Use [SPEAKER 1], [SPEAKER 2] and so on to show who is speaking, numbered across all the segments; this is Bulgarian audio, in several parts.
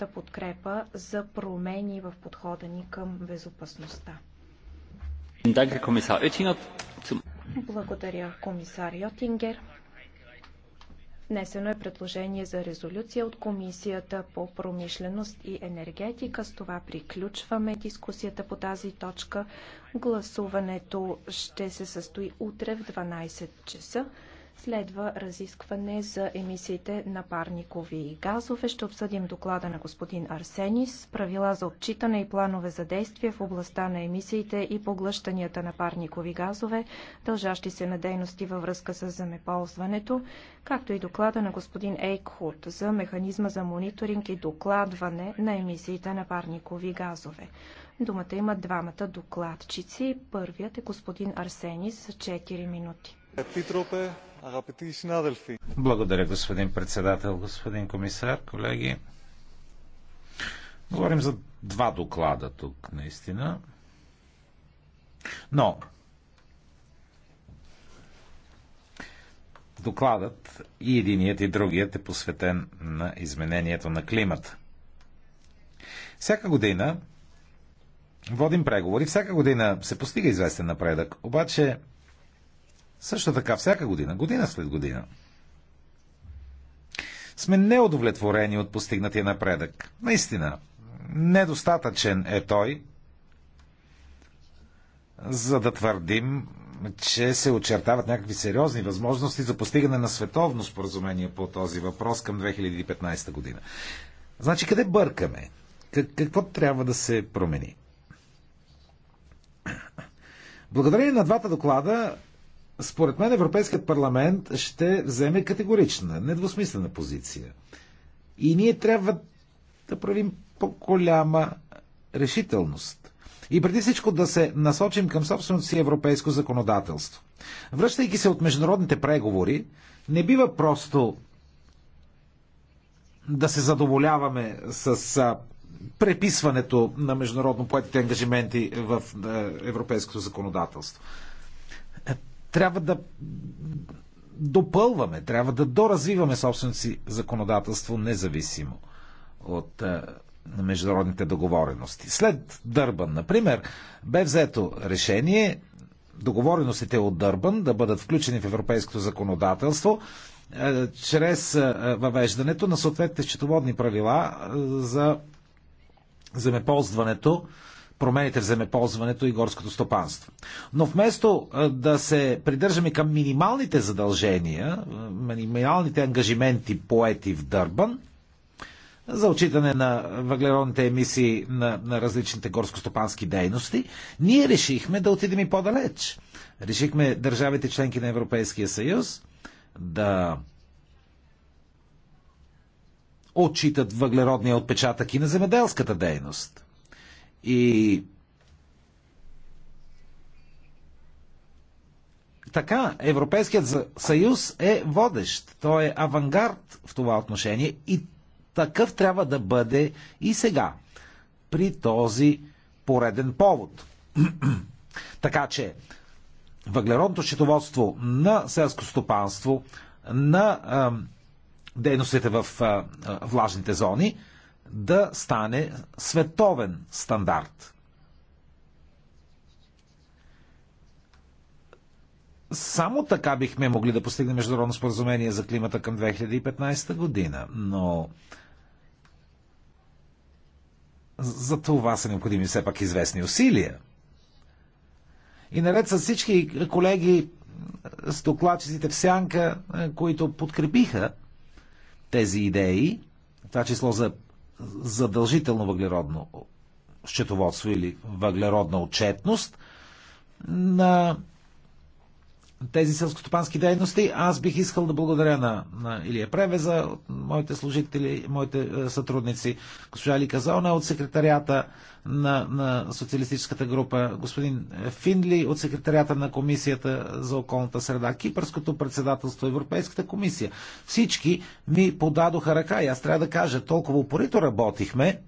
[SPEAKER 1] нашата подкрепа за промени в подхода ни към безопасността. Благодаря, комисар Йотингер. Внесено е предложение за резолюция от Комисията по промишленост и енергетика. С това приключваме дискусията по тази точка. Гласуването ще се състои утре в 12 часа. Следва разискване за емисиите на парникови газове. Ще обсъдим доклада на господин Арсенис, правила за отчитане и планове за действие в областта на емисиите и поглъщанията на парникови газове, дължащи се на дейности във връзка с земеползването, както и доклада на господин Ейкхут за механизма за мониторинг и докладване на емисиите на парникови газове. Думата има двамата докладчици. Първият е господин Арсенис за 4 минути.
[SPEAKER 2] Благодаря, господин председател, господин комисар, колеги. Говорим за два доклада тук, наистина. Но докладът и единият и другият е посветен на изменението на климата. Всяка година водим преговори, всяка година се постига известен напредък, обаче също така, всяка година, година след година, сме неудовлетворени от постигнатия напредък. Наистина, недостатъчен е той, за да твърдим, че се очертават някакви сериозни възможности за постигане на световно споразумение по този въпрос към 2015 година. Значи къде бъркаме? Какво трябва да се промени? Благодарение на двата доклада според мен Европейският парламент ще вземе категорична, недвусмислена позиция. И ние трябва да правим по-голяма решителност. И преди всичко да се насочим към собственото си европейско законодателство. Връщайки се от международните преговори, не бива просто да се задоволяваме с преписването на международно поетите ангажименти в европейското законодателство трябва да допълваме, трябва да доразвиваме собственото си законодателство независимо от е, на международните договорености. След Дърбан, например, бе взето решение договореностите от Дърбан да бъдат включени в европейското законодателство е, чрез е, въвеждането на съответните счетоводни правила е, за земеползването промените в земеползването и горското стопанство. Но вместо да се придържаме към минималните задължения, минималните ангажименти поети в Дърбан, за отчитане на въглеродните емисии на, на различните горскостопански дейности, ние решихме да отидем и по-далеч. Решихме държавите членки на Европейския съюз да отчитат въглеродния отпечатък и на земеделската дейност. И така, Европейският съюз е водещ. Той е авангард в това отношение и такъв трябва да бъде и сега, при този пореден повод. така че, въглеродното счетоводство на селско стопанство, на а, дейностите в а, влажните зони да стане световен стандарт. Само така бихме могли да постигнем международно споразумение за климата към 2015 година, но за това са необходими все пак известни усилия. И наред с всички колеги с докладчиците в Сянка, които подкрепиха тези идеи, това число за задължително въглеродно счетоводство или въглеродна отчетност на тези селскостопански дейности. Аз бих искал да благодаря на, на Илия Превеза, моите служители, моите е, сътрудници, госпожа Ли Казона от секретарията на, на социалистическата група, господин Финли от секретарията на Комисията за околната среда, Кипърското председателство, Европейската комисия. Всички ми подадоха ръка и аз трябва да кажа, толкова упорито работихме,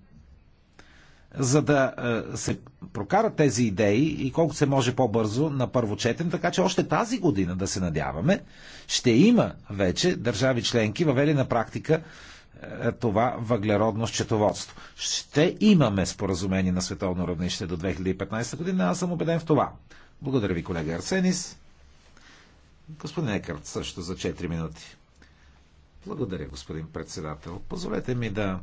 [SPEAKER 2] за да е, се прокарат тези идеи и колкото се може по-бързо на първо четен, така че още тази година, да се надяваме, ще има вече държави членки въвели на практика е, това въглеродно счетоводство. Ще имаме споразумение на световно равнище до 2015 година, аз съм убеден в това. Благодаря ви, колега Арсенис. Господин Екарт също за 4 минути. Благодаря, господин председател. Позволете ми да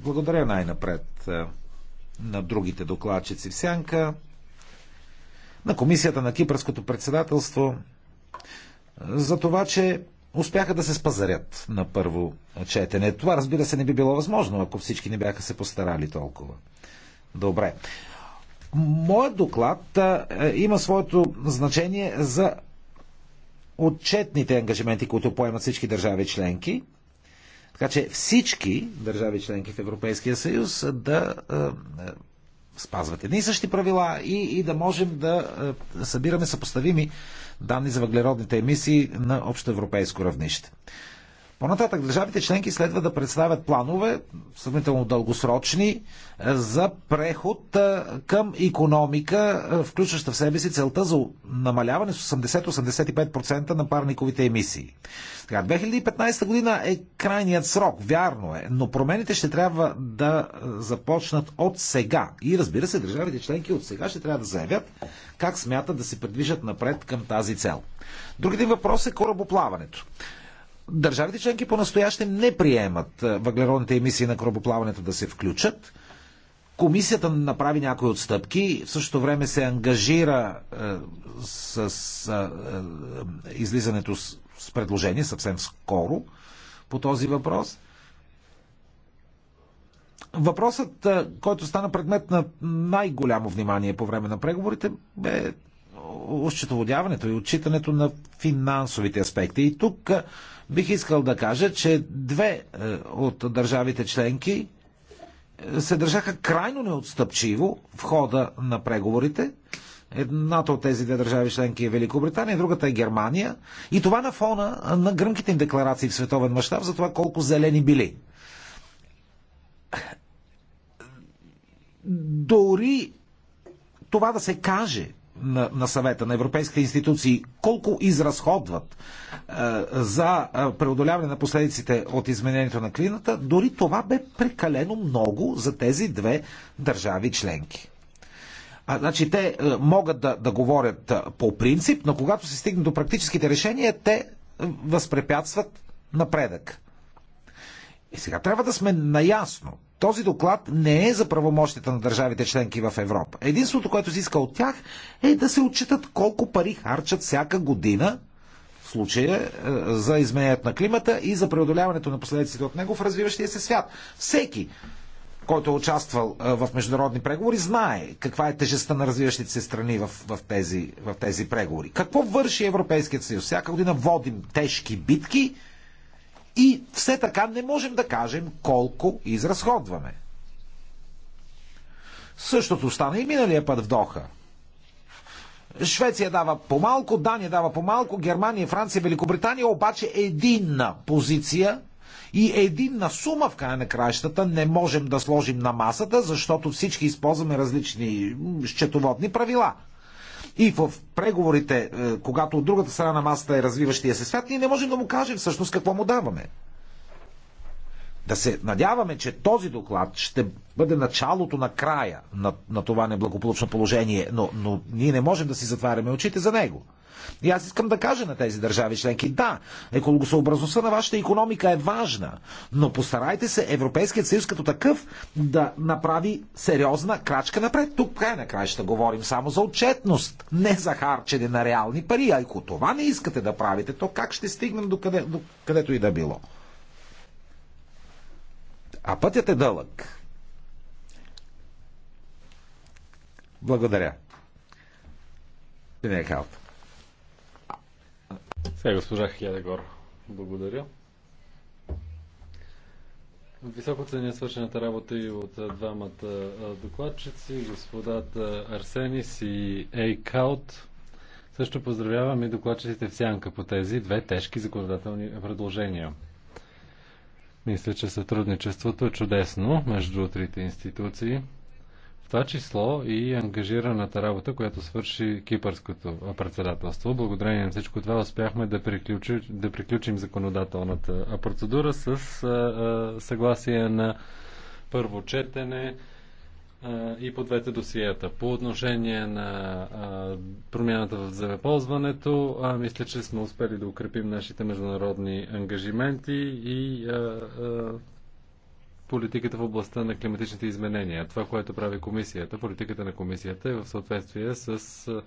[SPEAKER 2] благодаря най-напред е, на другите докладчици в Сянка, на комисията на Кипърското председателство, за това, че успяха да се спазарят на първо четене. Това, разбира се, не би било възможно, ако всички не бяха се постарали толкова. Добре. Моят доклад а, има своето значение за отчетните ангажименти, които поемат всички държави членки така че всички държави членки в Европейския съюз да е, е, спазват едни и същи правила и, и да можем да е, събираме съпоставими данни за въглеродните емисии на общо европейско равнище. По-нататък държавите членки следва да представят планове, сравнително дългосрочни, е, за преход е, към економика, е, включваща в себе си целта за намаляване с 80-85% на парниковите емисии. Така, 2015 година е крайният срок, вярно е, но промените ще трябва да започнат от сега. И разбира се, държавите членки от сега ще трябва да заявят как смятат да се придвижат напред към тази цел. Другият въпрос е корабоплаването. Държавите членки по-настоящем не приемат е, въглеродните емисии на корабоплаването да се включат. Комисията направи някои отстъпки, в същото време се ангажира е, с е, е излизането с, с предложение съвсем скоро по този въпрос. Въпросът, е, който стана предмет на най-голямо внимание по време на преговорите, бе осчетоводяването и отчитането на финансовите аспекти. И тук бих искал да кажа, че две от държавите членки се държаха крайно неотстъпчиво в хода на преговорите. Едната от тези две държави членки е Великобритания, другата е Германия. И това на фона на гръмките им декларации в световен мащаб за това колко зелени били. Дори това да се каже на, на съвета, на европейските институции, колко изразходват е, за е, преодоляване на последиците от изменението на клината, дори това бе прекалено много за тези две държави членки. А, значи те е, могат да, да говорят е, по принцип, но когато се стигне до практическите решения, те е, възпрепятстват напредък. И сега трябва да сме наясно, този доклад не е за правомощите на държавите членки в Европа. Единството, което се иска от тях е да се отчитат колко пари харчат всяка година в случая е, за изменението на климата и за преодоляването на последиците от него в развиващия се свят. Всеки, който е участвал е, в международни преговори, знае каква е тежестта на развиващите се страни в, в, тези, в тези преговори. Какво върши Европейският съюз? Всяка година водим тежки битки, и все така не можем да кажем колко изразходваме. Същото стана и миналия път в Доха. Швеция дава по-малко, Дания дава по-малко, Германия, Франция, Великобритания, обаче единна позиция и единна сума в края на краищата не можем да сложим на масата, защото всички използваме различни счетоводни правила – и в преговорите, е, когато от другата страна на масата е развиващия се свят, ние не можем да му кажем всъщност какво му даваме. Да се надяваме, че този доклад ще бъде началото на края на, на това неблагополучно положение, но, но ние не можем да си затваряме очите за него. И аз искам да кажа на тези държави членки, да, екологосъобразността на вашата економика е важна, но постарайте се Европейският съюз като такъв да направи сериозна крачка напред. Тук край на край ще говорим само за отчетност, не за харчене на реални пари. А ако това не искате да правите, то как ще стигнем до, къде, до където и да било? А пътят е дълъг.
[SPEAKER 3] Благодаря. Днехалт. Сега госпожа Хедегор. Благодаря. Високо ценя свършената работа и от двамата докладчици, господата Арсенис и Ейкаут. Също поздравявам и докладчиците в сянка по тези две тежки законодателни предложения. Мисля, че сътрудничеството е чудесно между трите институции това число и ангажираната работа, която свърши кипърското председателство. Благодарение на всичко това успяхме да, приключи, да приключим законодателната процедура с а, а, съгласие на първо четене и по двете досиета. По отношение на промяната в земеползването, мисля, че сме успели да укрепим нашите международни ангажименти и политиката в областта на климатичните изменения. Това, което прави комисията, политиката на комисията е в съответствие с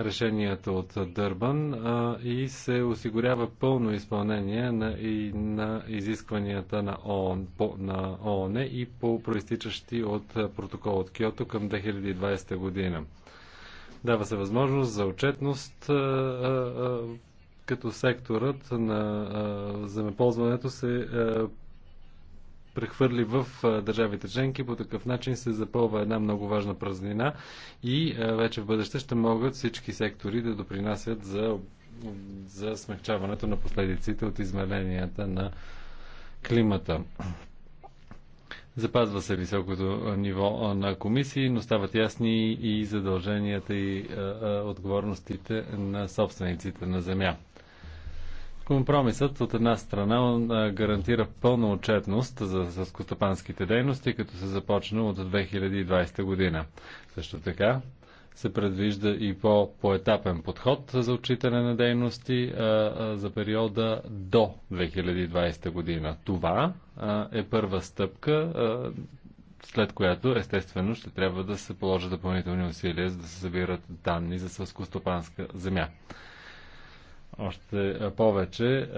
[SPEAKER 3] решението от Дърбан а, и се осигурява пълно изпълнение на, и, на изискванията на ООН, по, на ООН и по проистичащи от протокол от Киото към 2020 година. Дава се възможност за отчетност а, а, като секторът на земеползването се прехвърли в държавите членки. По такъв начин се запълва една много важна празнина и вече в бъдеще ще могат всички сектори да допринасят за, за смягчаването на последиците от измеренията на климата. Запазва се високото ниво на комисии, но стават ясни и задълженията и отговорностите на собствениците на земя. Компромисът от една страна гарантира пълна отчетност за съскостопанските дейности, като се започне от 2020 година. Също така се предвижда и по-поетапен подход за отчитане на дейности а, а, за периода до 2020 година. Това а, е първа стъпка, след която естествено ще трябва да се положат допълнителни усилия, за да се събират данни за сълскостопанска земя. Още повече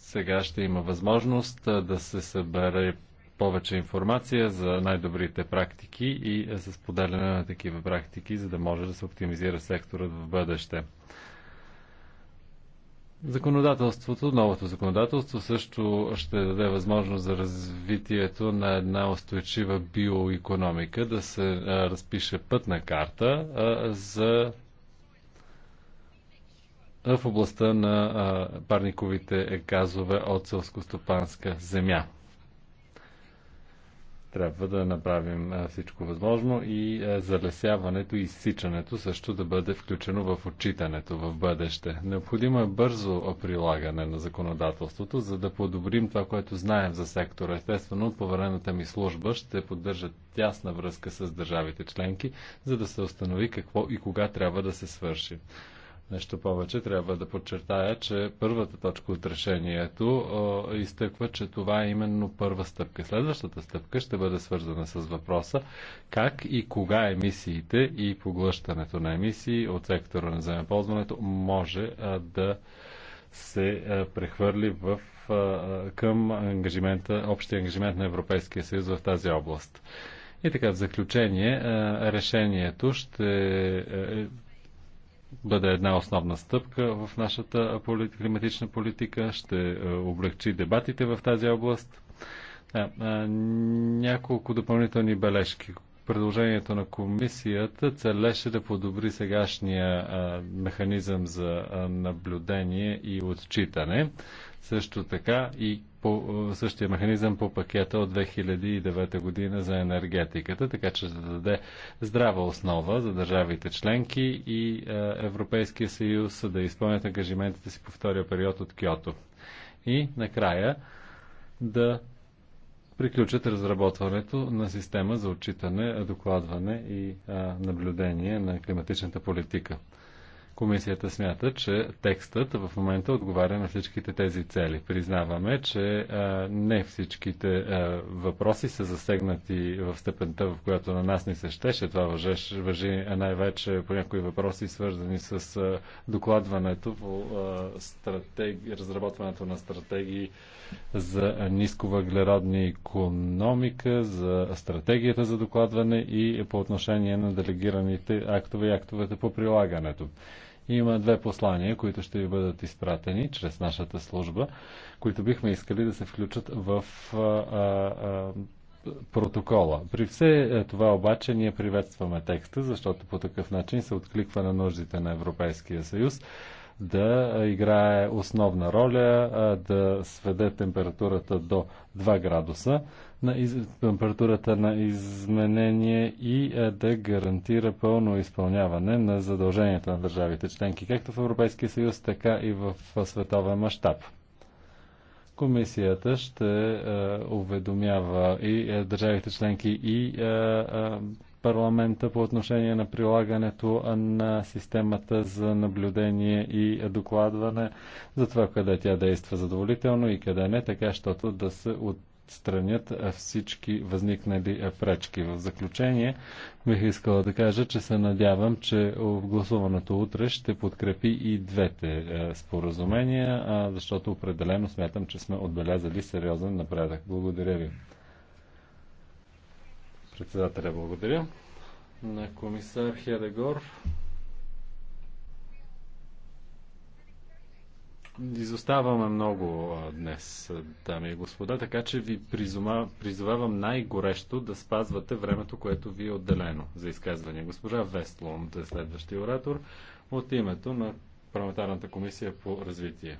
[SPEAKER 3] сега ще има възможност да се събере повече информация за най-добрите практики и за споделяне на такива практики, за да може да се оптимизира секторът в бъдеще. Законодателството, новото законодателство също ще даде възможност за развитието на една устойчива биоекономика, да се разпише пътна карта за в областта на парниковите газове от селскостопанска земя. Трябва да направим всичко възможно и залесяването и изсичането също да бъде включено в отчитането в бъдеще. Необходимо е бързо прилагане на законодателството, за да подобрим това, което знаем за сектора. Естествено, поверената ми служба ще поддържа тясна връзка с държавите членки, за да се установи какво и кога трябва да се свърши. Нещо повече трябва да подчертая, че първата точка от решението о, изтъква, че това е именно първа стъпка. Следващата стъпка ще бъде свързана с въпроса как и кога емисиите и поглъщането на емисии от сектора на земеползването може а, да се а, прехвърли в, а, към ангажимента, общия ангажимент на Европейския съюз в тази област. И така, в заключение, решението ще е, е, бъде една основна стъпка в нашата климатична политика, ще е, облегчи дебатите в тази област. няколко допълнителни бележки. Предложението на комисията целеше да подобри сегашния механизъм за наблюдение и отчитане. Също така и по е, същия механизъм по пакета от 2009 година за енергетиката, така че да даде здрава основа за държавите членки и е, Европейския съюз да изпълнят ангажиментите си по втория период от Киото. И накрая да приключат разработването на система за отчитане, докладване и е, наблюдение на климатичната политика. Комисията смята, че текстът в момента отговаря на всичките тези цели. Признаваме, че а, не всичките а, въпроси са засегнати в степента, в която на нас ни се щеше. Това въжи най-вече по някои въпроси, свързани с а, докладването по а, разработването на стратегии за нисковъглеродна економика, за стратегията за докладване и по отношение на делегираните актове и актовете по прилагането. Има две послания, които ще ви бъдат изпратени чрез нашата служба, които бихме искали да се включат в а, а, протокола. При все е, това обаче ние приветстваме текста, защото по такъв начин се откликва на нуждите на Европейския съюз да играе основна роля, да сведе температурата до 2 градуса на из... температурата на изменение и е, да гарантира пълно изпълняване на задълженията на държавите членки, както в Европейския съюз, така и в световен мащаб. Комисията ще е, уведомява и е, държавите членки и е, е, парламента по отношение на прилагането на системата за наблюдение и докладване за това къде тя действа задоволително и къде не, така щото да се от отстранят всички възникнали пречки. В заключение бих искала да кажа, че се надявам, че гласуването утре ще подкрепи и двете споразумения, защото определено смятам, че сме отбелязали сериозен напредък. Благодаря ви. Председателя, благодаря. На комисар Хедегор. изоставаме много днес, дами и господа, така че ви призума, призовавам най-горещо да спазвате времето, което ви е отделено за изказване. Госпожа Вестлон е следващия оратор от името на Парламентарната комисия по развитие.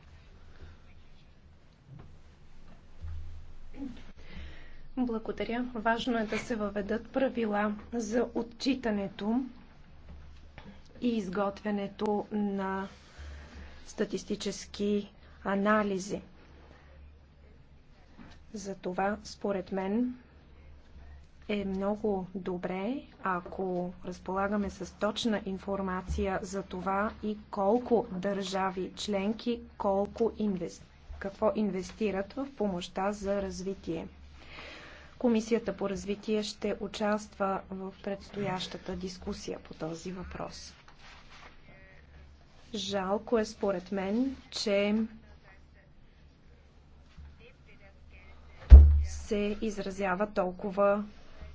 [SPEAKER 1] Благодаря. Важно е да се въведат правила за отчитането и изготвянето на статистически анализи. Затова, според мен, е много добре, ако разполагаме с точна информация за това и колко държави членки, колко инвест... какво инвестират в помощта за развитие. Комисията по развитие ще участва в предстоящата дискусия по този въпрос. Жалко е според мен, че се изразява толкова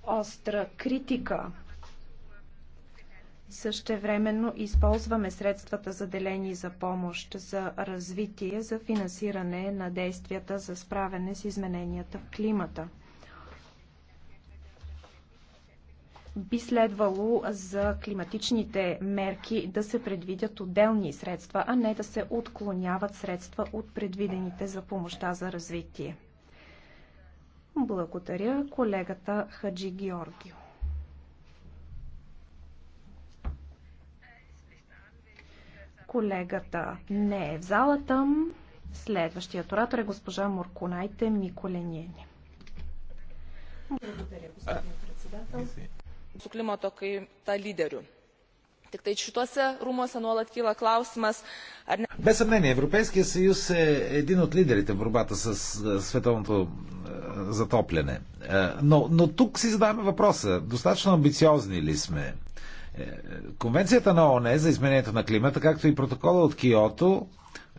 [SPEAKER 1] остра критика. Същевременно използваме средствата заделени за помощ за развитие, за финансиране на действията за справяне с измененията в климата. би следвало за климатичните мерки да се предвидят отделни средства, а не да се отклоняват средства от предвидените за помощта за развитие. Благодаря колегата Хаджи Георгио. Колегата не е в залата. Следващият оратор е госпожа Морконайте Миколениени. Благодаря, господин председател. Е, su klimato kaita lyderių. Tik tai šituose rūmose nuolat kyla klausimas, ar не...
[SPEAKER 2] Без съмнение, Европейския съюз е един от лидерите в борбата с световното е, затопляне. Е, но, но тук си задаваме въпроса, достатъчно амбициозни ли сме? Е, Конвенцията на ООН за изменението на климата, както и протокола от Киото,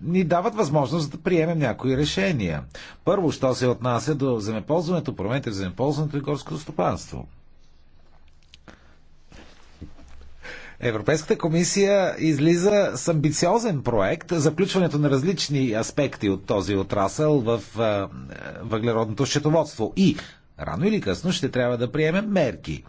[SPEAKER 2] ни дават възможност да приемем някои решения. Първо, що се отнася до земеползването, промените в земеползването и горското стопанство. Европейската комисия излиза с амбициозен проект за включването на различни аспекти от този отрасъл в въглеродното счетоводство. И рано или късно ще трябва да приемем мерки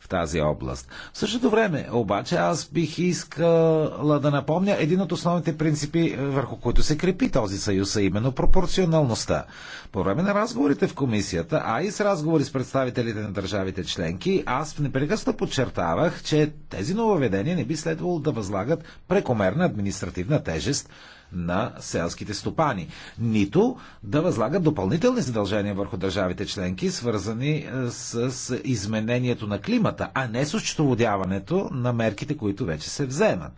[SPEAKER 2] в тази област. В същото време, обаче, аз бих искала да напомня един от основните принципи, е, върху които се крепи този съюз, а именно пропорционалността. По време на разговорите в комисията, а и с разговори с представителите на държавите членки, аз непрекъснато непрекъсно подчертавах, че тези нововведения не би следвало да възлагат прекомерна административна тежест на селските стопани, нито да възлагат допълнителни задължения върху държавите членки, свързани е, с изменението на климата, а не с очетоводяването на мерките, които вече се вземат.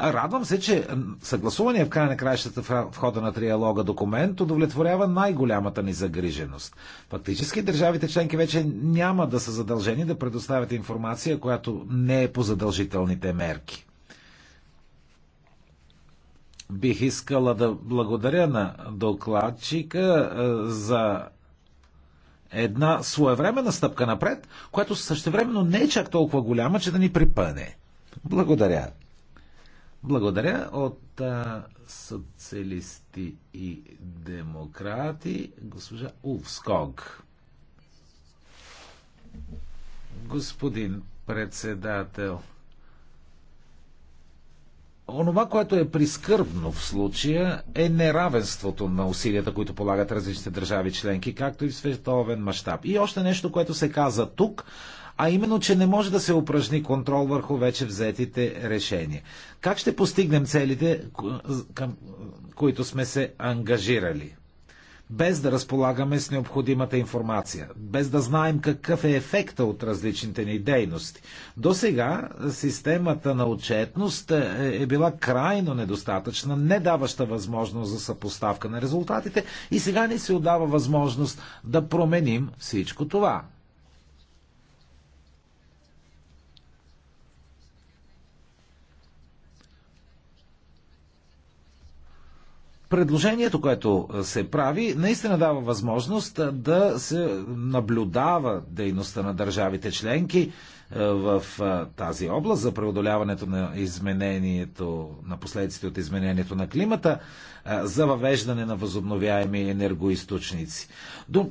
[SPEAKER 2] Радвам се, че съгласувания в край на краищата в хода на триалога документ удовлетворява най-голямата ни загриженост. Фактически държавите членки вече няма да са задължени да предоставят информация, която не е по задължителните мерки. Бих искала да благодаря на докладчика е, за една своевременна стъпка напред, която същевременно не е чак толкова голяма, че да ни припъне. Благодаря. Благодаря от а, е, социалисти и демократи госпожа Увског. Господин председател, Онова, което е прискърбно в случая, е неравенството на усилията, които полагат различните държави членки, както и в световен мащаб. И още нещо, което се каза тук, а именно, че не може да се упражни контрол върху вече взетите решения. Как ще постигнем целите, към които сме се ангажирали? без да разполагаме с необходимата информация, без да знаем какъв е ефекта от различните ни дейности. До сега системата на отчетност е, е била крайно недостатъчна, не даваща възможност за съпоставка на резултатите и сега ни се отдава възможност да променим всичко това. Предложението, което се прави, наистина дава възможност да се наблюдава дейността на държавите членки, е, в е, тази област за преодоляването на изменението, на последиците от изменението на климата, е, за въвеждане на възобновяеми енергоисточници. До...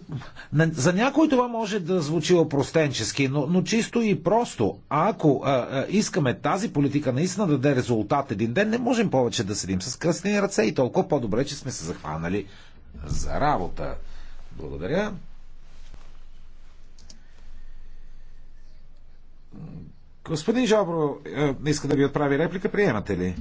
[SPEAKER 2] За някой това може да звучи опростенчески, но, но чисто и просто, ако а, а, искаме тази политика наистина да даде резултат един ден, не можем повече да седим с кръстени ръце и толкова по-добре, че сме се захванали за работа. Благодаря. Господин Жобро, е, иска да ви отправи реплика, приемате ли?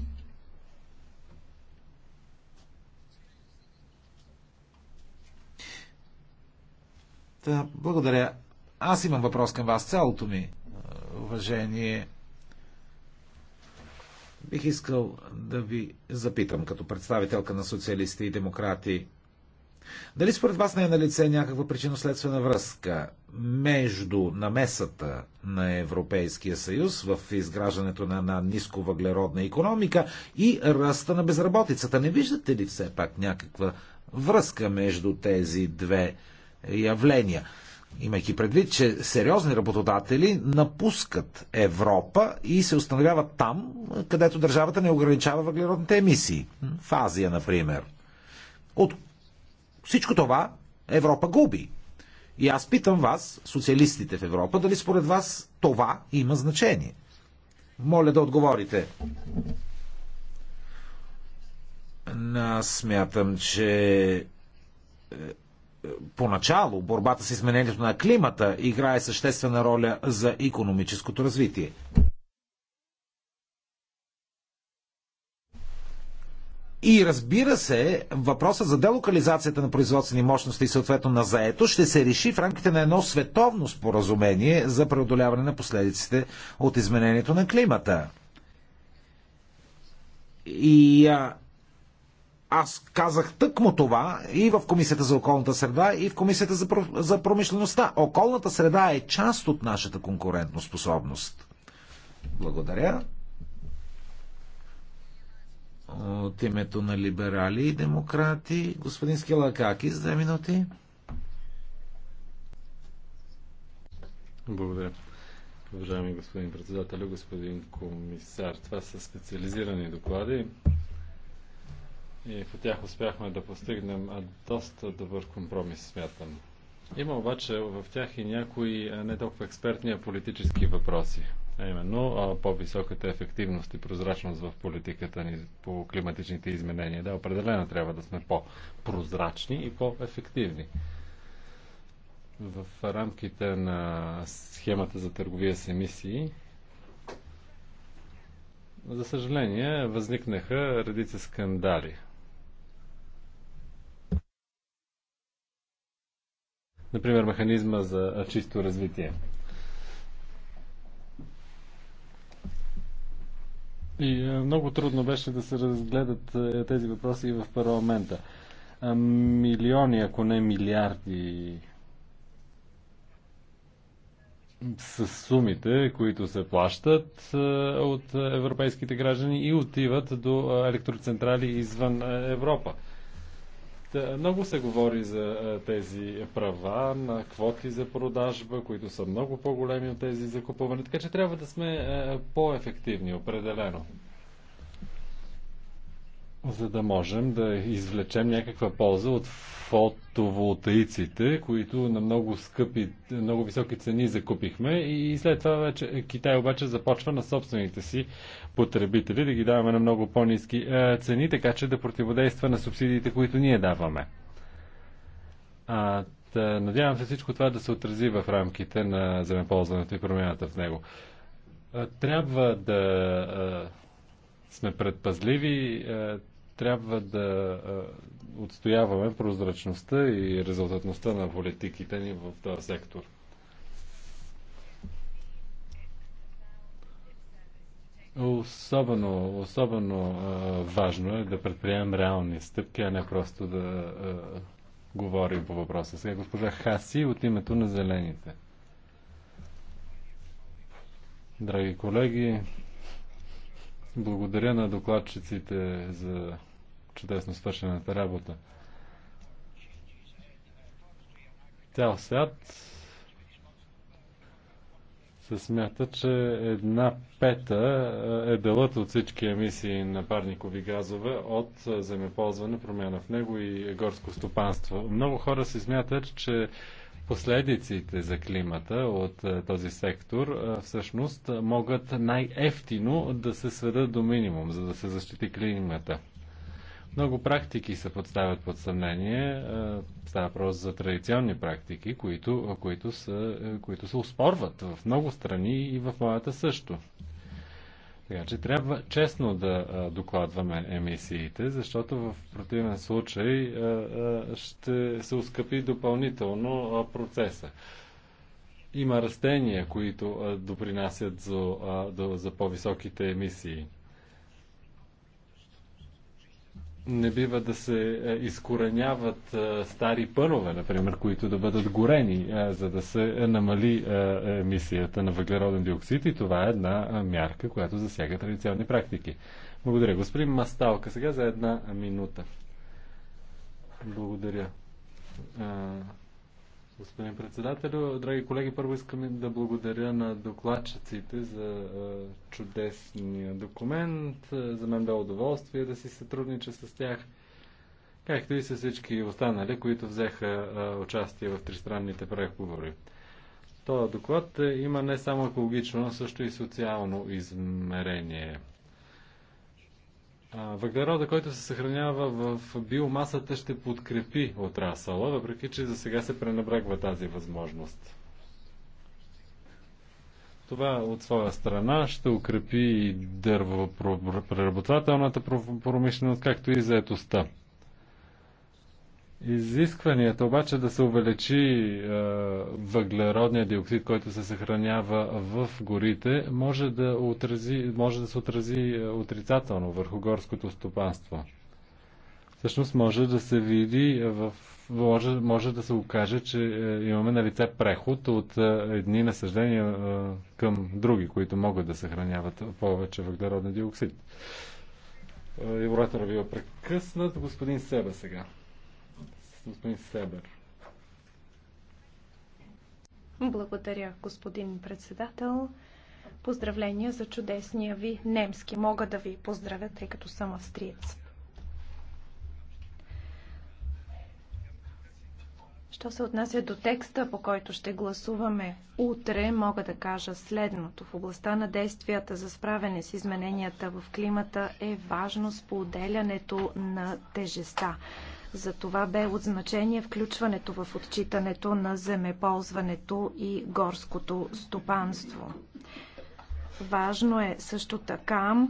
[SPEAKER 2] Та, благодаря. Аз имам въпрос към вас. Цялото ми е, уважение бих искал да ви запитам като представителка на социалисти и демократи. Дали според вас не е на лице някаква причинно-следствена връзка между намесата на Европейския съюз в изграждането на една нисковъглеродна економика и ръста на безработицата? Не виждате ли все пак някаква връзка между тези две явления? Имайки предвид, че сериозни работодатели напускат Европа и се установяват там, където държавата не ограничава въглеродните емисии. В Азия, например. От всичко това Европа губи. И аз питам вас, социалистите в Европа, дали според вас това има значение? Моля да отговорите. Аз смятам, че е, е, поначало борбата с изменението на климата играе съществена роля за економическото развитие. И разбира се, въпросът за делокализацията на производствени мощности и съответно на заето ще се реши в рамките на едно световно споразумение за преодоляване на последиците от изменението на климата. И а, аз казах тъкмо това и в Комисията за околната среда, и в Комисията за, за промишлеността. Околната среда е част от нашата конкурентоспособност. Благодаря от името на либерали и демократи. Господин Скилакакис, две минути.
[SPEAKER 3] Благодаря. Уважаеми господин председател, господин комисар, това са специализирани доклади и по тях успяхме да постигнем доста добър компромис, смятам. Има обаче в тях и някои не толкова експертни, а политически въпроси а именно по-високата ефективност и прозрачност в политиката ни по климатичните изменения. Да, определено трябва да сме по-прозрачни и по-ефективни. В рамките на схемата за търговия с емисии, за съжаление, възникнаха редица скандали. Например, механизма за чисто развитие. И е, много трудно беше да се разгледат е, тези въпроси и в парламента. Милиони, ако не милиарди с сумите, които се плащат е, от европейските граждани и отиват до електроцентрали извън Европа. Е, много се говори за е, тези права на квоти за продажба, които са много по-големи от тези за купуване, така че трябва да сме е, по-ефективни, определено за да можем да извлечем някаква полза от фотоволтаиците, които на много скъпи, много високи цени закупихме и след това вече Китай обаче започва на собствените си потребители да ги даваме на много по-низки е, цени, така че да противодейства на субсидиите, които ние даваме. А, да, надявам се всичко това да се отрази в рамките на земеползването и промяната в него. А, трябва да а, сме предпазливи, а, е, трябва да отстояваме прозрачността и резултатността на политиките ни в този сектор. Особено, особено а, важно е да предприемем реални стъпки, а не просто да а, говорим по въпроса. Сега госпожа Хаси от името на Зелените. Драги колеги, благодаря на докладчиците за чудесно свършената работа. Цял свят се смята, че една пета е, е делът от всички емисии на парникови газове от е, земеползване, промяна в него и горско стопанство. Много хора се смятат, че последиците за климата от е, този сектор всъщност могат най-ефтино да се сведат до минимум, за да се защити климата. Много практики се подставят под съмнение. Е, става въпрос за традиционни практики, които, които, са, е, които се успорват в много страни и в моята също. Така че трябва честно да е, докладваме емисиите, защото в противен случай ще се ускъпи допълнително процеса. Има растения, които допринасят за, за по-високите емисии. Не бива да се е, изкореняват е, стари пънове, например, които да бъдат горени, е, за да се намали емисията на въглероден диоксид и това е една мярка, която засяга традиционни практики. Благодаря. Господин Масталка, сега за една минута. Благодаря господин председател. Драги колеги, първо искам да благодаря на докладчиците за чудесния документ. За мен бе удоволствие да си сътруднича с тях, както и с всички останали, които взеха участие в тристранните преговори. Този доклад има не само екологично, но също и социално измерение. Въглерода, който се съхранява в биомасата, ще подкрепи отрасъла, въпреки че за сега се пренебрегва тази възможност. Това от своя страна ще укрепи и дървопреработвателната промишленост, както и заетостта. Изискванията обаче да се увеличи е, въглеродния диоксид, който се съхранява в горите, може да, отрази, може да се отрази е, отрицателно върху горското стопанство. Всъщност може да се види, е, в, може, може да се окаже, че е, имаме на лице преход от едни насъждения е, към други, които могат да съхраняват повече въглероден диоксид. Евроатора ви е прекъснат. Господин Себа сега господин Себер.
[SPEAKER 1] Благодаря, господин председател. Поздравления за чудесния ви немски. Мога да ви поздравя, тъй като съм австриец. Що се отнася до текста, по който ще гласуваме утре, мога да кажа следното. В областта на действията за справяне с измененията в климата е важно споделянето на тежеста. За това бе от значение включването в отчитането на земеползването и горското стопанство. Важно е също така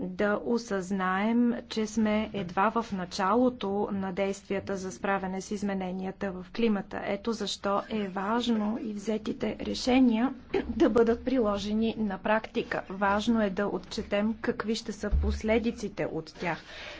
[SPEAKER 1] да осъзнаем, че сме едва в началото на действията за справяне с измененията в климата. Ето защо е важно и взетите решения да бъдат приложени на практика. Важно е да отчетем какви ще са последиците от тях.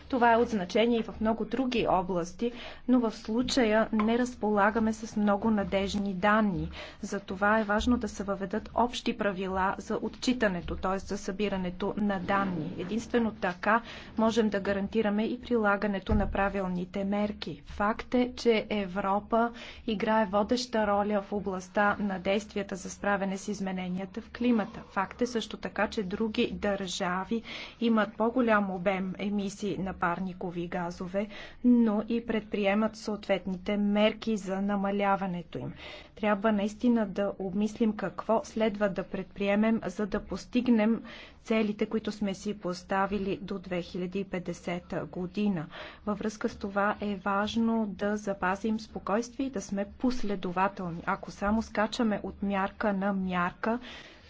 [SPEAKER 1] Това е от значение и в много други области, но в случая не разполагаме с много надежни данни. За това е важно да се въведат общи правила за отчитането, т.е. за събирането на данни Единствено така можем да гарантираме и прилагането на правилните мерки. Факт е, че Европа играе водеща роля в областта на действията за справяне с измененията в климата. Факт е също така, че други държави имат по-голям обем емисии на парникови газове, но и предприемат съответните мерки за намаляването им. Трябва наистина да обмислим какво следва да предприемем, за да постигнем целите, които сме си поставили до 2050 година. Във връзка с това е важно да запазим спокойствие и да сме последователни. Ако само скачаме от мярка на мярка,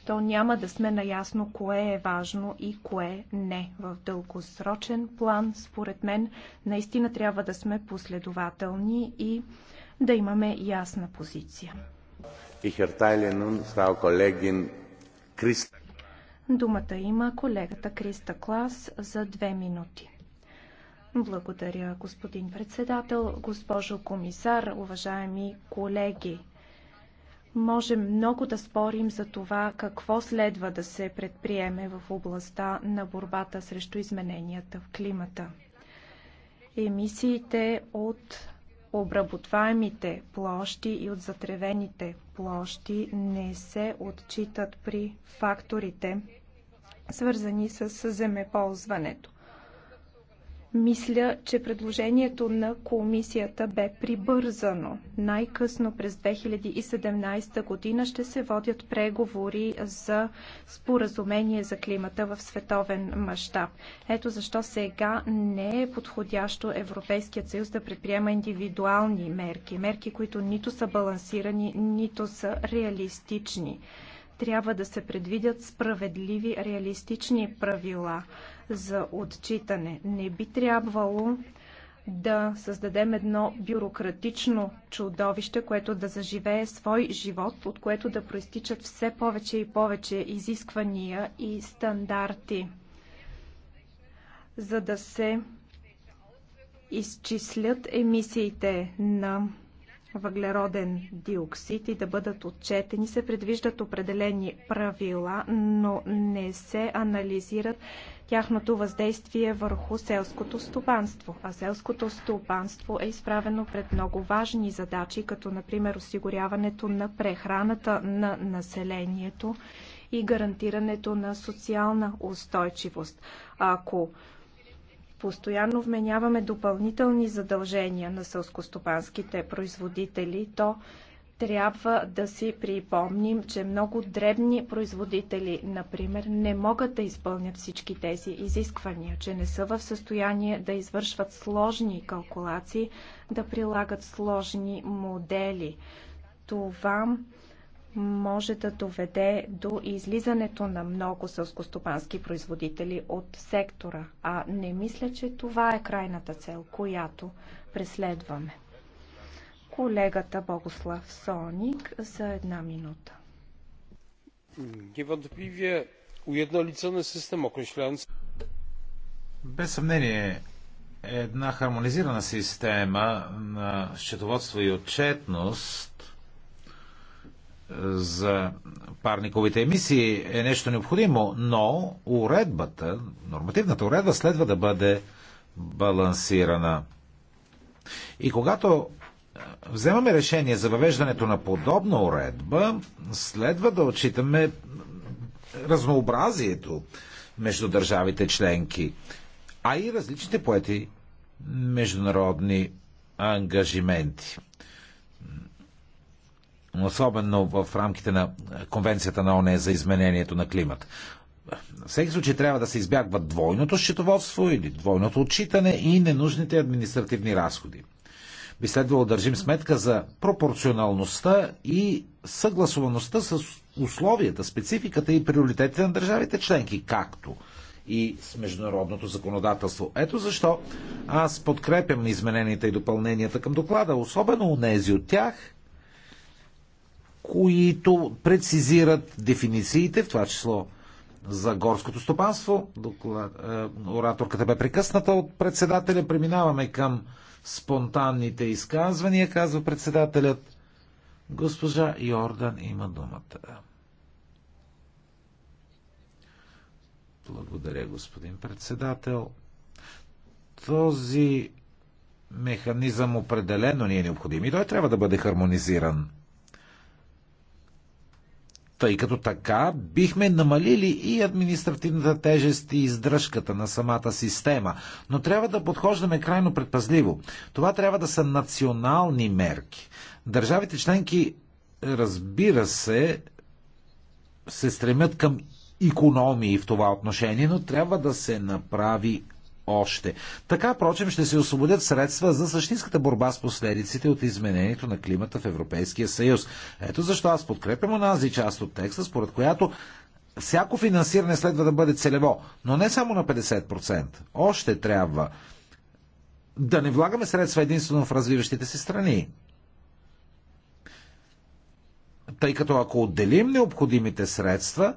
[SPEAKER 1] то няма да сме наясно кое е важно и кое не. В дългосрочен план, според мен, наистина трябва да сме последователни и да имаме ясна позиция.
[SPEAKER 2] Ich erteile nun Frau Kollegin Christa
[SPEAKER 1] Думата има колегата Криста Клас за две минути. Благодаря, господин председател, госпожо комисар, уважаеми колеги. Можем много да спорим за това какво следва да се предприеме в областта на борбата срещу измененията в климата. Емисиите от обработваемите площи и от затревените площи не се отчитат при факторите, свързани с земеползването. Мисля, че предложението на комисията бе прибързано. Най-късно през 2017 година ще се водят преговори за споразумение за климата в световен мащаб. Ето защо сега не е подходящо Европейският съюз да предприема индивидуални мерки. Мерки, които нито са балансирани, нито са реалистични. Трябва да се предвидят справедливи, реалистични правила за отчитане. Не би трябвало да създадем едно бюрократично чудовище, което да заживее свой живот, от което да проистичат все повече и повече изисквания и стандарти, за да се изчислят емисиите на въглероден диоксид и да бъдат отчетени, се предвиждат определени правила, но не се анализират тяхното въздействие върху селското стопанство. А селското стопанство е изправено пред много важни задачи, като например осигуряването на прехраната на населението и гарантирането на социална устойчивост. Ако постоянно вменяваме допълнителни задължения на сълскостопанските производители, то трябва да си припомним, че много дребни производители, например, не могат да изпълнят всички тези изисквания, че не са в състояние да извършват сложни калкулации, да прилагат сложни модели. Това може да доведе до излизането на много сълскостопански производители от сектора, а не мисля, че това е крайната цел, която преследваме. Колегата Богослав Соник за една минута.
[SPEAKER 3] Без
[SPEAKER 2] съмнение, една хармонизирана система на счетоводство и отчетност – за парниковите емисии е нещо необходимо, но уредбата, нормативната уредба следва да бъде балансирана. И когато е, вземаме решение за въвеждането на подобна уредба, следва да отчитаме разнообразието между държавите членки, а и различните поети международни ангажименти особено в рамките на Конвенцията на ОНЕ за изменението на климата. На всеки случай трябва да се избягва двойното счетоводство или двойното отчитане и ненужните административни разходи. Би следвало държим сметка за пропорционалността и съгласуваността с условията, спецификата и приоритетите на държавите членки, както и с международното законодателство. Ето защо аз подкрепям измененията и допълненията към доклада, особено у нези от тях, които прецизират дефинициите, в това число за горското стопанство. Доклад, е, ораторката бе прекъсната от председателя. Преминаваме към спонтанните изказвания, казва председателят. Госпожа Йордан има думата. Благодаря, господин председател. Този механизъм определено ни е необходим и той трябва да бъде хармонизиран тъй като така бихме намалили и административната тежест и издръжката на самата система. Но трябва да подхождаме крайно предпазливо. Това трябва да са национални мерки. Държавите членки, разбира се, се стремят към економии в това отношение, но трябва да се направи още. Така, прочим, ще се освободят средства за същинската борба с последиците от изменението на климата в Европейския съюз. Ето защо аз подкрепям онази част от текста, според която всяко финансиране следва да бъде целево, но не само на 50%. Още трябва да не влагаме средства единствено в развиващите се страни. Тъй като ако отделим необходимите средства,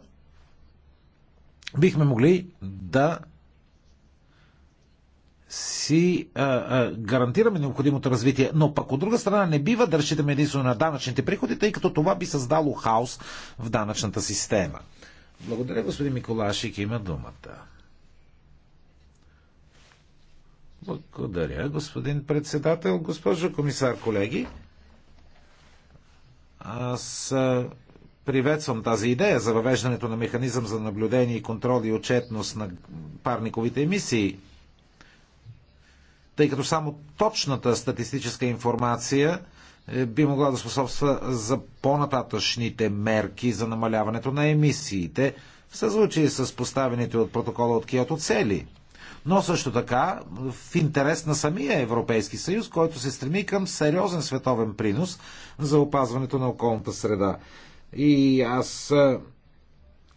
[SPEAKER 2] бихме могли да си а, а, гарантираме необходимото развитие. Но пък от друга страна не бива да разчитаме единствено на данъчните приходи, тъй като това би създало хаос в данъчната система. Благодаря, господин Миколашик. Има думата. Благодаря, господин председател, госпожо комисар, колеги. Аз приветствам тази идея за въвеждането на механизъм за наблюдение и контрол и отчетност на парниковите емисии – тъй като само точната статистическа информация е, би могла да способства за по-нататъчните мерки за намаляването на емисиите в съзвучие с поставените от протокола от Киото цели. Но също така в интерес на самия Европейски съюз, който се стреми към сериозен световен принос за опазването на околната среда. И аз е,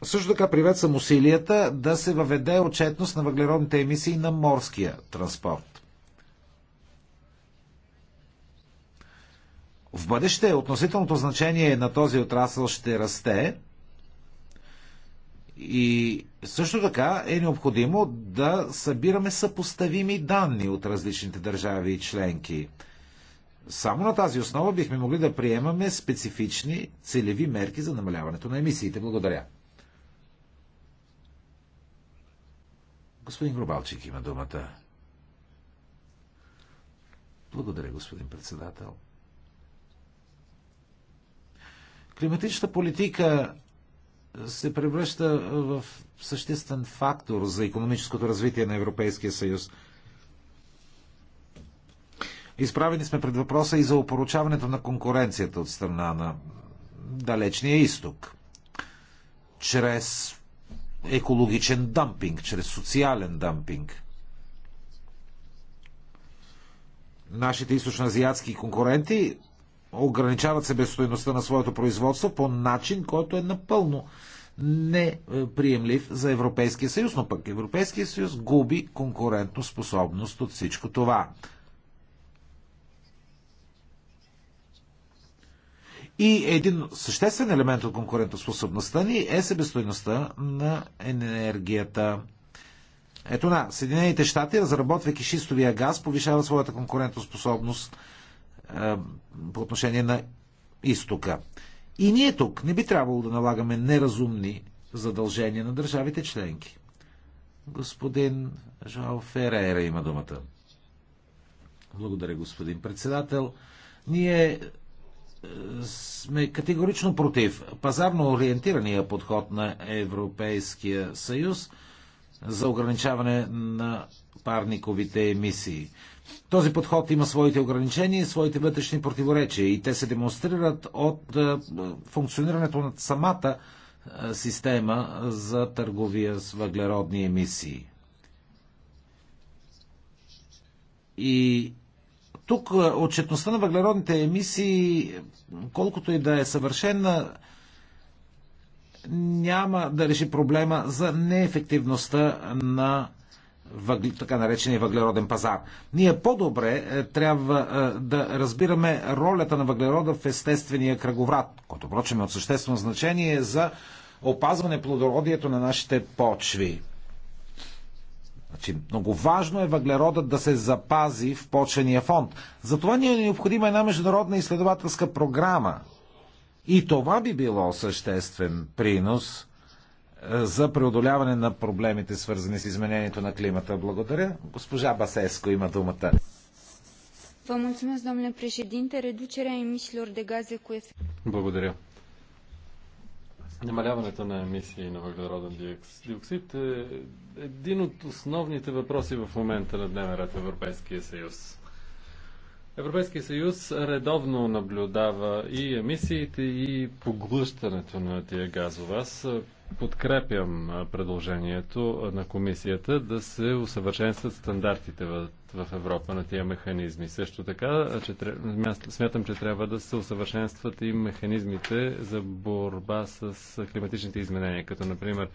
[SPEAKER 2] също така приветствам усилията да се въведе отчетност на въглеродните емисии на морския транспорт. в бъдеще относителното значение на този отрасъл ще расте и също така е необходимо да събираме съпоставими данни от различните държави и членки. Само на тази основа бихме могли да приемаме специфични целеви мерки за намаляването на емисиите. Благодаря. Господин Грубалчик има думата. Благодаря, господин председател. Климатичната политика се превръща в съществен фактор за економическото развитие на Европейския съюз. Изправени сме пред въпроса и за опоручаването на конкуренцията от страна на далечния изток. Чрез екологичен дампинг, чрез социален дампинг. Нашите източноазиатски конкуренти ограничават себестоеността на своето производство по начин, който е напълно неприемлив за Европейския съюз, но пък Европейския съюз губи конкурентно способност от всичко това. И един съществен елемент от конкурентоспособността ни е себестойността на енергията. Ето на, Съединените щати, разработвайки шистовия газ, повишава своята конкурентоспособност – по отношение на изтока. И ние тук не би трябвало да налагаме неразумни задължения на държавите членки. Господин Жао Ферера има думата. Благодаря, господин председател. Ние е, сме категорично против пазарно ориентирания подход на Европейския съюз за ограничаване на парниковите емисии. Този подход има своите ограничения и своите вътрешни противоречия и те се демонстрират от е, функционирането на самата е, система за търговия с въглеродни емисии. И тук е, отчетността на въглеродните емисии, колкото и да е съвършена, няма да реши проблема за неефективността на така наречения въглероден пазар. Ние по-добре е, трябва е, да разбираме ролята на въглерода в естествения кръговрат, който, прочим е от съществено значение за опазване плодородието на нашите почви. Значи, много важно е въглеродът да се запази в почвения фонд. Затова ни е необходима една международна изследователска програма. И това би било съществен принос за преодоляване на проблемите, свързани с изменението на климата. Благодаря. Госпожа Басеско има думата.
[SPEAKER 3] Благодаря. Намаляването на емисии на въглероден диоксид е един от основните въпроси в момента на дневен ред в Европейския съюз. Европейския съюз редовно наблюдава и емисиите, и поглъщането на тия газове. Аз подкрепям предложението на комисията да се усъвършенстват стандартите в, в Европа на тия механизми. Също така, че, смятам, че трябва да се усъвършенстват и механизмите за борба с климатичните изменения, като например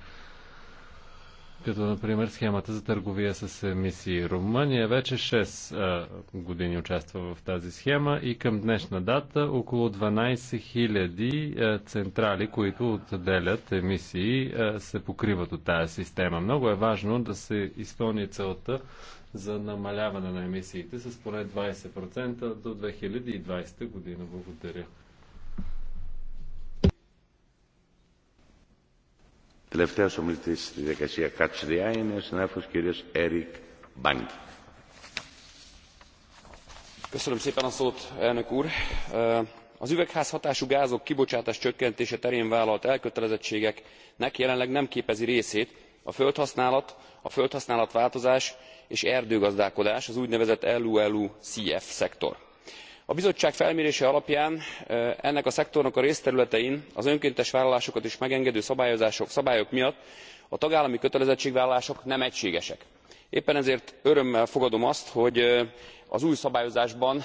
[SPEAKER 3] като например схемата за търговия с емисии. Румъния вече 6 а, години участва в тази схема и към днешна дата около 12 000 а, централи, които отделят емисии, а, се покриват от тази система. Много е важно да се изпълни целта за намаляване на емисиите с поне 20% до 2020 година. Благодаря. Τελευταίος ομιλητής στη
[SPEAKER 2] διαδικασία Κατσδιά είναι ο συνάδελφος κύριος Έρικ Μπάνκι.
[SPEAKER 4] Köszönöm szépen a szót, elnök úr! Az üvegház hatású gázok kibocsátás csökkentése terén vállalt elkötelezettségeknek jelenleg nem képezi részét a földhasználat, a földhasználatváltozás és erdőgazdálkodás, az úgynevezett LULU-CF szektor a bizottság felmérése alapján ennek a szektornak a részterületein az önkéntes vállalásokat is megengedő szabályok miatt a tagállami kötelezettségvállalások nem egységesek. éppen ezért örömmel fogadom azt hogy az új szabályozásban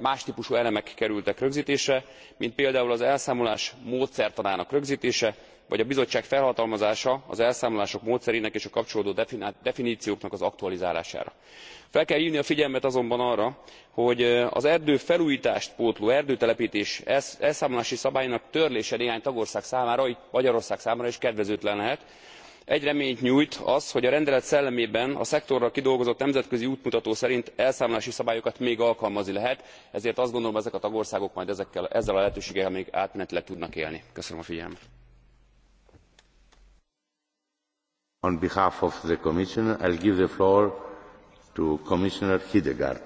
[SPEAKER 4] más tpusú elemek kerültek rögztésre mint például az elszámolás módszertanának rögztése vagy a bizottság felhatalmazása az elszámolások módszerének és a kapcsolódó defincióknak az aktualizálására. fel kell hvni a figyelmet azonban arra hogy az erdőfelújtást pótló erdőteleptés elszámolási szabályainak törlése néhány tagország számára gy magyarország számára is kedvezőtlen lehet. egy reményt nyújt az hogy a rendelet szellemében a szektorra kidolgozott nemzetközi útmutató szerint elszámolási szabályokat még alkalmazni lehet ezért azt gondolom ezek a tagországok majd ezzel a lehetőséggel még átmenetileg tudnak élni. köszönöm a figyelmet. on behalf of the Commission, I will give the floor to Commissioner hedegaard.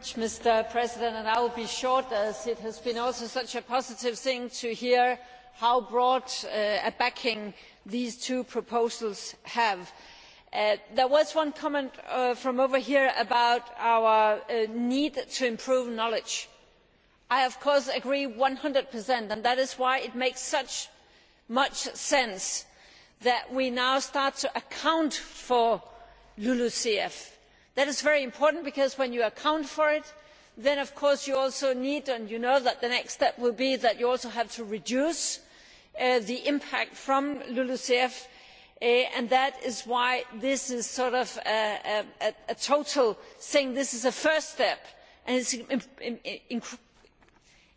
[SPEAKER 5] Mr. President, I will be short as it has been also such a positive thing to hear how broad a backing these two proposals have. There was one comment from over here about our need to improve knowledge. I of course agree one hundred and that is why it makes such much sense that we now start to account for lulucf. that is very important because when you account for it then of course you also need and you know that the next step will be that you also have to reduce the impact from lulucf and that is why this is sort of a total thing this is a first step and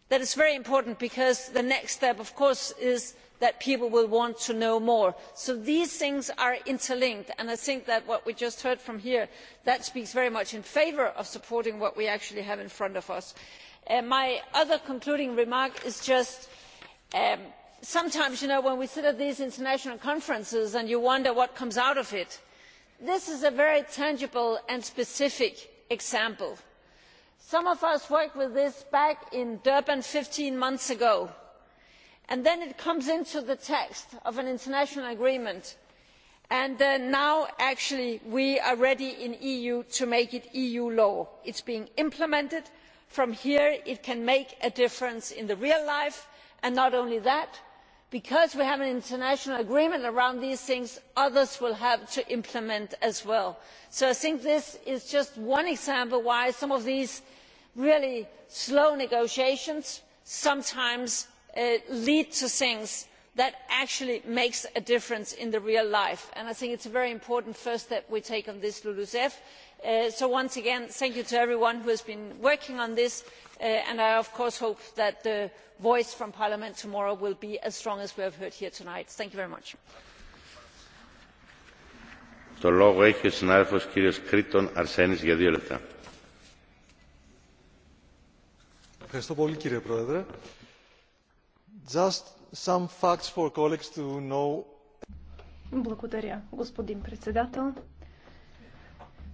[SPEAKER 5] that is very important because the next step of course is that people will want to know more. so these things are interlinked and i think that what we just heard from here speaks very much in favour of supporting what we actually have in front of us. my other concluding remark is just that sometimes when we sit at these international conferences and you wonder what comes out of it this is a very tangible and specific example. some of us worked with this back in durban fifteen months ago then it comes into the text of an international agreement and now actually we are ready in the eu to make it eu law. it is being implemented. from here it can make a difference in real life and not only that because we have an international agreement around these things others will have to implement as well. so i think this is just one example of why some of these really slow negotiations sometimes lead to things that actually make a difference in real life and i think it is a very important first step we take on this lulucf so once again thank you to everyone who has been working on this and i of course hope that the voice from parliament tomorrow will be as strong as we have heard here tonight. thank you very much.
[SPEAKER 3] Just some facts for colleagues to know.
[SPEAKER 1] Благодаря, господин председател.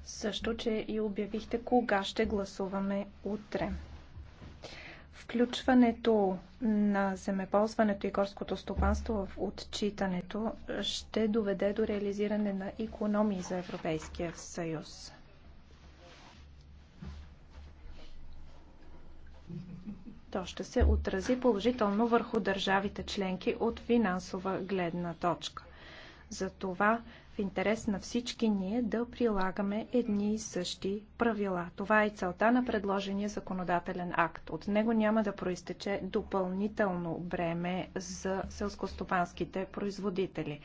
[SPEAKER 1] Също, че и обявихте кога ще гласуваме утре. Включването на земеползването и горското стопанство в отчитането ще доведе до реализиране на економии за Европейския съюз. То ще се отрази положително върху държавите членки от финансова гледна точка. Затова в интерес на всички ние да прилагаме едни и същи правила. Това е и целта на предложения законодателен акт. От него няма да проистече допълнително бреме за селскостопанските производители.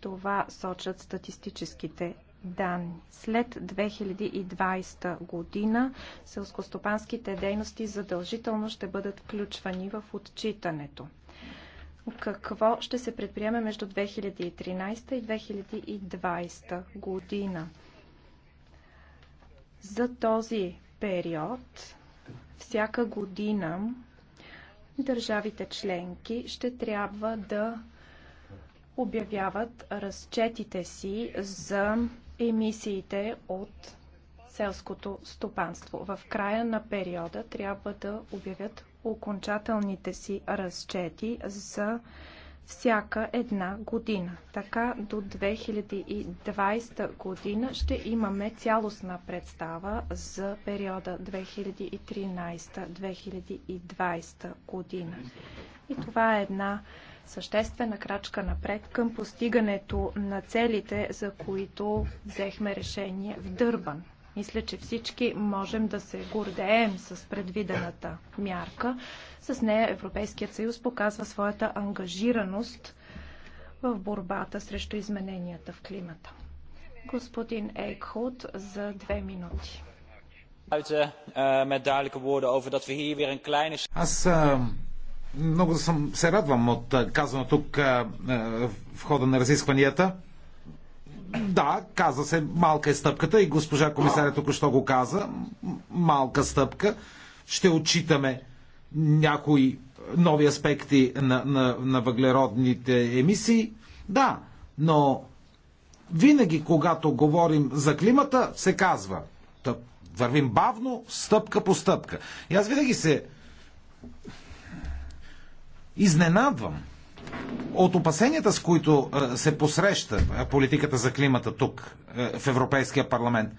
[SPEAKER 1] Това сочат статистическите данни. След 2020 година селскостопанските дейности задължително ще бъдат включвани в отчитането. Какво ще се предприеме между 2013 и 2020 година? За този период всяка година държавите членки ще трябва да обявяват разчетите си за емисиите от селското стопанство. В края на периода трябва да обявят окончателните си разчети за всяка една година. Така до 2020 година ще имаме цялостна представа за периода 2013-2020 година. И това е една съществена крачка напред към постигането на целите, за които взехме решение в Дърбан. Мисля, че всички можем да се гордеем с предвидената мярка. С нея Европейският съюз показва своята ангажираност в борбата срещу измененията в климата. Господин Ейкхолд за две минути.
[SPEAKER 4] Eh,
[SPEAKER 2] Аз eh, много съм се радвам от казано тук в хода на разискванията. Да, каза се, малка е стъпката и госпожа комисаря току-що го каза. Малка стъпка. Ще отчитаме някои нови аспекти на, на, на въглеродните емисии. Да, но винаги, когато говорим за климата, се казва, вървим бавно, стъпка по стъпка. И аз винаги се изненадвам от опасенията, с които се посреща политиката за климата тук, в Европейския парламент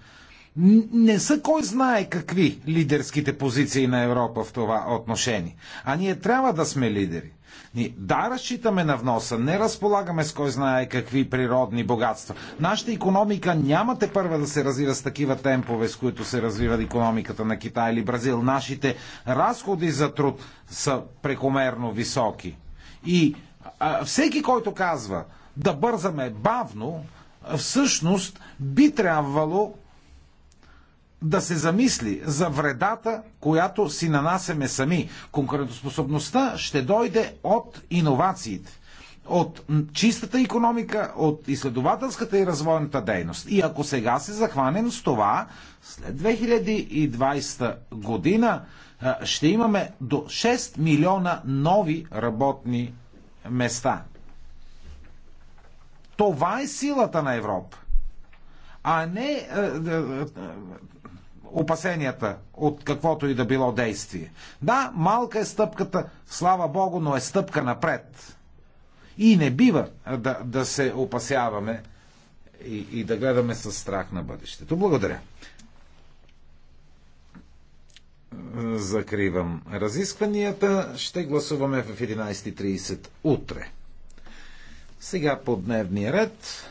[SPEAKER 2] не са кой знае какви лидерските позиции на Европа в това отношение. А ние трябва да сме лидери. Ни, да, разчитаме на вноса, не разполагаме с кой знае какви природни богатства. Нашата економика няма те първа да се развива с такива темпове, с които се развива економиката на Китай или Бразил. Нашите разходи за труд са прекомерно високи. И а, всеки, който казва да бързаме бавно, всъщност би трябвало да се замисли за вредата, която си нанасяме сами. Конкурентоспособността ще дойде от иновациите от чистата економика, от изследователската и развойната дейност. И ако сега се захванем с това, след 2020 година ще имаме до 6 милиона нови работни места. Това е силата на Европа. А не опасенията от каквото и да било действие. Да, малка е стъпката, слава Богу, но е стъпка напред. И не бива да, да се опасяваме и, и да гледаме с страх на бъдещето. Благодаря. Закривам разискванията. Ще гласуваме в 11.30 утре. Сега по дневния ред.